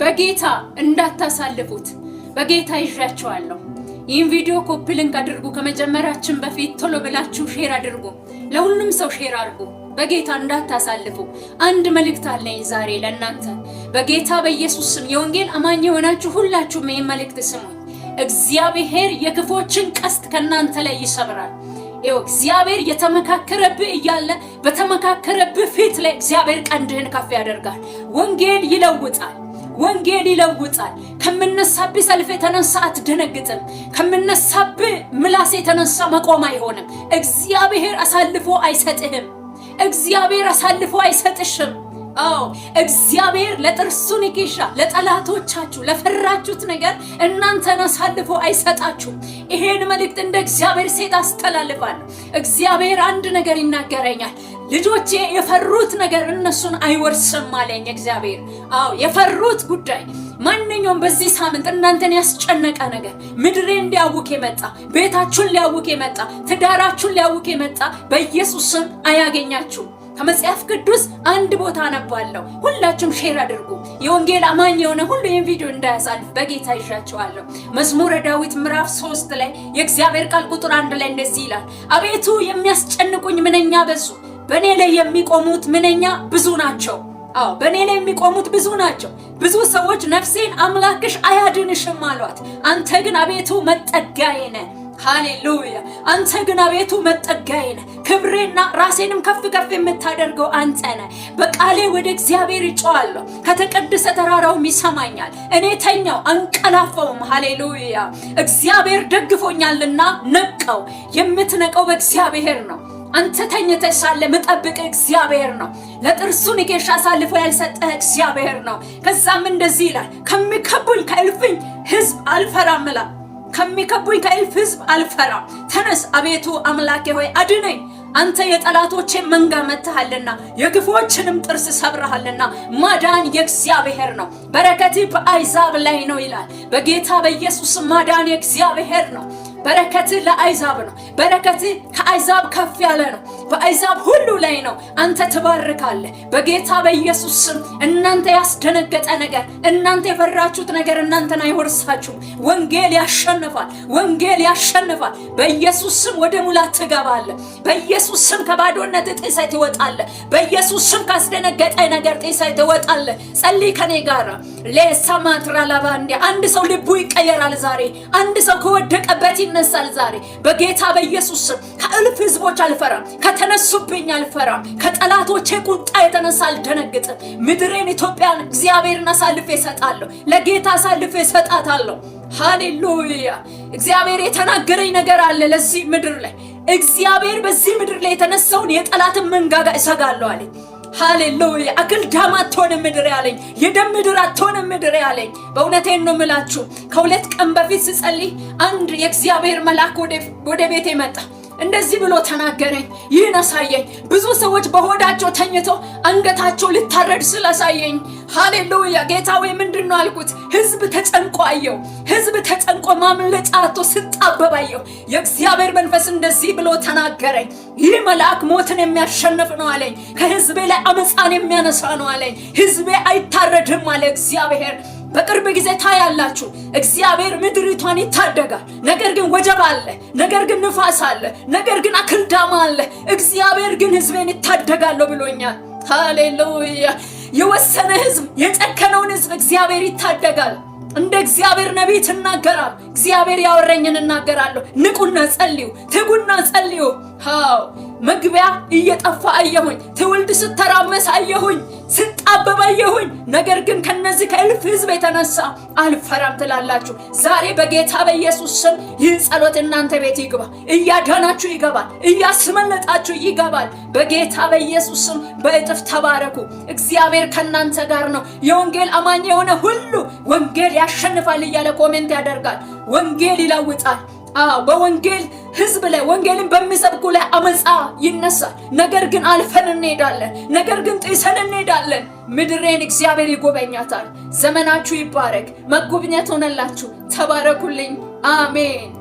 በጌታ እንዳታሳልፉት በጌታ ይዣቸዋለሁ። ይህን ቪዲዮ ኮፕልንክ አድርጉ። ከመጀመራችን በፊት ቶሎ ብላችሁ ሼር አድርጉ፣ ለሁሉም ሰው ሼር አድርጉ። በጌታ እንዳታሳልፉ። አንድ መልእክት አለኝ ዛሬ ለእናንተ በጌታ በኢየሱስ ስም። የወንጌል አማኝ የሆናችሁ ሁላችሁም ይህን መልእክት ስሙኝ። እግዚአብሔር የክፎችን ቀስት ከእናንተ ላይ ይሰብራል። ይኸው እግዚአብሔር የተመካከረብህ እያለ በተመካከረብህ ፊት ላይ እግዚአብሔር ቀንድህን ከፍ ያደርጋል። ወንጌል ይለውጣል። ወንጌል ይለውጣል። ከምነሳብህ ሰልፍ የተነሳ አትደነግጥም። ከምነሳብህ ምላስ የተነሳ መቆም አይሆንም። እግዚአብሔር አሳልፎ አይሰጥህም። እግዚአብሔር አሳልፎ አይሰጥሽም። አዎ እግዚአብሔር ለጥርሱ ንኬሻ ለጠላቶቻችሁ ለፈራችሁት ነገር እናንተን አሳልፎ አይሰጣችሁም። ይሄን መልእክት እንደ እግዚአብሔር ሴት አስተላልፋለሁ። እግዚአብሔር አንድ ነገር ይናገረኛል። ልጆቼ የፈሩት ነገር እነሱን አይወርስም አለኝ እግዚአብሔር። አዎ የፈሩት ጉዳይ ማንኛውም በዚህ ሳምንት እናንተን ያስጨነቀ ነገር ምድሬ እንዲያውክ የመጣ ቤታችሁን ሊያውክ የመጣ ትዳራችሁን ሊያውክ የመጣ በኢየሱስ ስም አያገኛችሁ። ከመጽሐፍ ቅዱስ አንድ ቦታ አነባለሁ። ሁላችሁም ሼር አድርጉ። የወንጌል አማኝ የሆነ ሁሉ ይህን ቪዲዮ እንዳያሳልፍ በጌታ ይሻችኋለሁ። መዝሙረ ዳዊት ምዕራፍ ሶስት ላይ የእግዚአብሔር ቃል ቁጥር አንድ ላይ እንደዚህ ይላል፣ አቤቱ የሚያስጨንቁኝ ምንኛ በዙ፣ በእኔ ላይ የሚቆሙት ምንኛ ብዙ ናቸው። አዎ በእኔ ላይ የሚቆሙት ብዙ ናቸው። ብዙ ሰዎች ነፍሴን አምላክሽ አያድንሽም አሏት። አንተ ግን አቤቱ መጠጊያዬ ነህ ሃሌሉያ! አንተ ግን አቤቱ መጠጋዬ ነህ፣ ክብሬና ራሴንም ከፍ ከፍ የምታደርገው አንተ ነህ። በቃሌ ወደ እግዚአብሔር እጮሃለሁ፣ ከተቀደሰ ተራራውም ይሰማኛል። እኔ ተኛው አንቀላፈውም። ሃሌሉያ! እግዚአብሔር ደግፎኛልና ነቀው። የምትነቀው በእግዚአብሔር ነው። አንተ ተኝተህ ሳለ መጠብቅ እግዚአብሔር ነው። ለጥርሱ ንጌሻ አሳልፎ ያልሰጠህ እግዚአብሔር ነው። ከዛም እንደዚህ ይላል፣ ከሚከቡኝ ከእልፍኝ ህዝብ አልፈራምላል ከሚከቡኝ ከእልፍ ሕዝብ አልፈራ። ተነስ አቤቱ አምላኬ ሆይ አድነኝ። አንተ የጠላቶቼን መንጋ መትሃልና የክፎችንም ጥርስ ሰብረሃልና። ማዳን የእግዚአብሔር ነው፣ በረከት በአይዛብ ላይ ነው ይላል። በጌታ በኢየሱስ ማዳን የእግዚአብሔር ነው። በረከት ለአይዛብ ነው። በረከት ከአይዛብ ከፍ ያለ ነው። በአሕዛብ ሁሉ ላይ ነው። አንተ ትባርካለህ በጌታ በኢየሱስ ስም። እናንተ ያስደነገጠ ነገር፣ እናንተ የፈራችሁት ነገር እናንተን አይወርሳችሁም። ወንጌል ያሸንፋል። ወንጌል ያሸንፋል። በኢየሱስ ስም ወደ ሙላት ትገባለህ። በኢየሱስ ስም ከባዶነት ጤሳ ትወጣለህ። በኢየሱስ ስም ካስደነገጠ ነገር ጤሳ ትወጣለህ። ጸልይ ከኔ ጋር ለሰማትራ ላባ አንድ ሰው ልቡ ይቀየራል ዛሬ። አንድ ሰው ከወደቀበት ይነሳል ዛሬ በጌታ በኢየሱስ ስም። ከእልፍ ህዝቦች አልፈራም። ከተነሱብኝ አልፈራም። ከጠላቶቼ ቁጣ የተነሳ አልደነግጥም። ምድሬን ኢትዮጵያን እግዚአብሔርን አሳልፌ እሰጣለሁ፣ ለጌታ አሳልፌ እሰጣታለሁ። ሃሌሉያ! እግዚአብሔር የተናገረኝ ነገር አለ ለዚህ ምድር ላይ እግዚአብሔር በዚህ ምድር ላይ የተነሳውን የጠላትን መንጋጋ እሰጋለሁ አለኝ። ሃሌሉያ አክል ዳም አትሆንም ምድር ያለኝ የደም ምድር አትሆንም ምድር ያለኝ። በእውነቴን ነው ምላችሁ። ከሁለት ቀን በፊት ስጸልይ አንድ የእግዚአብሔር መልአክ ወደ ቤቴ መጣ። እንደዚህ ብሎ ተናገረኝ። ይህን አሳየኝ። ብዙ ሰዎች በሆዳቸው ተኝተው አንገታቸው ልታረድ ስላሳየኝ፣ ሃሌሉያ ጌታ ወይ ምንድን ነው አልኩት። ህዝብ ተጨንቆ አየው። ህዝብ ተጨንቆ ማምለጫ አጥቶ ስጣበብ አየው። የእግዚአብሔር መንፈስ እንደዚህ ብሎ ተናገረኝ። ይህ መልአክ ሞትን የሚያሸንፍ ነው አለኝ። ከህዝቤ ላይ አመፃን የሚያነሳ ነው አለኝ። ህዝቤ አይታረድም አለ እግዚአብሔር። በቅርብ ጊዜ ታያላችሁ። እግዚአብሔር ምድሪቷን ይታደጋል። ነገር ግን ወጀብ አለ፣ ነገር ግን ንፋስ አለ፣ ነገር ግን አክልዳማ አለ። እግዚአብሔር ግን ሕዝቤን ይታደጋለሁ ብሎኛል። ሃሌሉያ! የወሰነ ሕዝብ የጨከነውን ሕዝብ እግዚአብሔር ይታደጋል። እንደ እግዚአብሔር ነቢይ ትናገራል። እግዚአብሔር ያወረኝን እናገራለሁ። ንቁና ጸልዩ፣ ትጉና ጸልዩ። መግቢያ እየጠፋ አየሁኝ። ትውልድ ስተራመስ አየሁኝ፣ ስጣበብ አየሁኝ። ነገር ግን ከነዚህ ከእልፍ ህዝብ የተነሳ አልፈራም ትላላችሁ። ዛሬ በጌታ በኢየሱስ ስም ይህ ጸሎት እናንተ ቤት ይግባ። እያዳናችሁ ይገባል፣ እያስመለጣችሁ ይገባል። በጌታ በኢየሱስ ስም በእጥፍ ተባረኩ። እግዚአብሔር ከእናንተ ጋር ነው። የወንጌል አማኝ የሆነ ሁሉ ወንጌል ያሸንፋል እያለ ኮሜንት ያደርጋል። ወንጌል ይለውጣል። በወንጌል ህዝብ ላይ ወንጌልን በሚሰብኩ ላይ አመፃ ይነሳል። ነገር ግን አልፈን እንሄዳለን። ነገር ግን ጥሰን እንሄዳለን። ምድሬን እግዚአብሔር ይጎበኛታል። ዘመናችሁ ይባረክ። መጎብኘት ሆነላችሁ። ተባረኩልኝ። አሜን።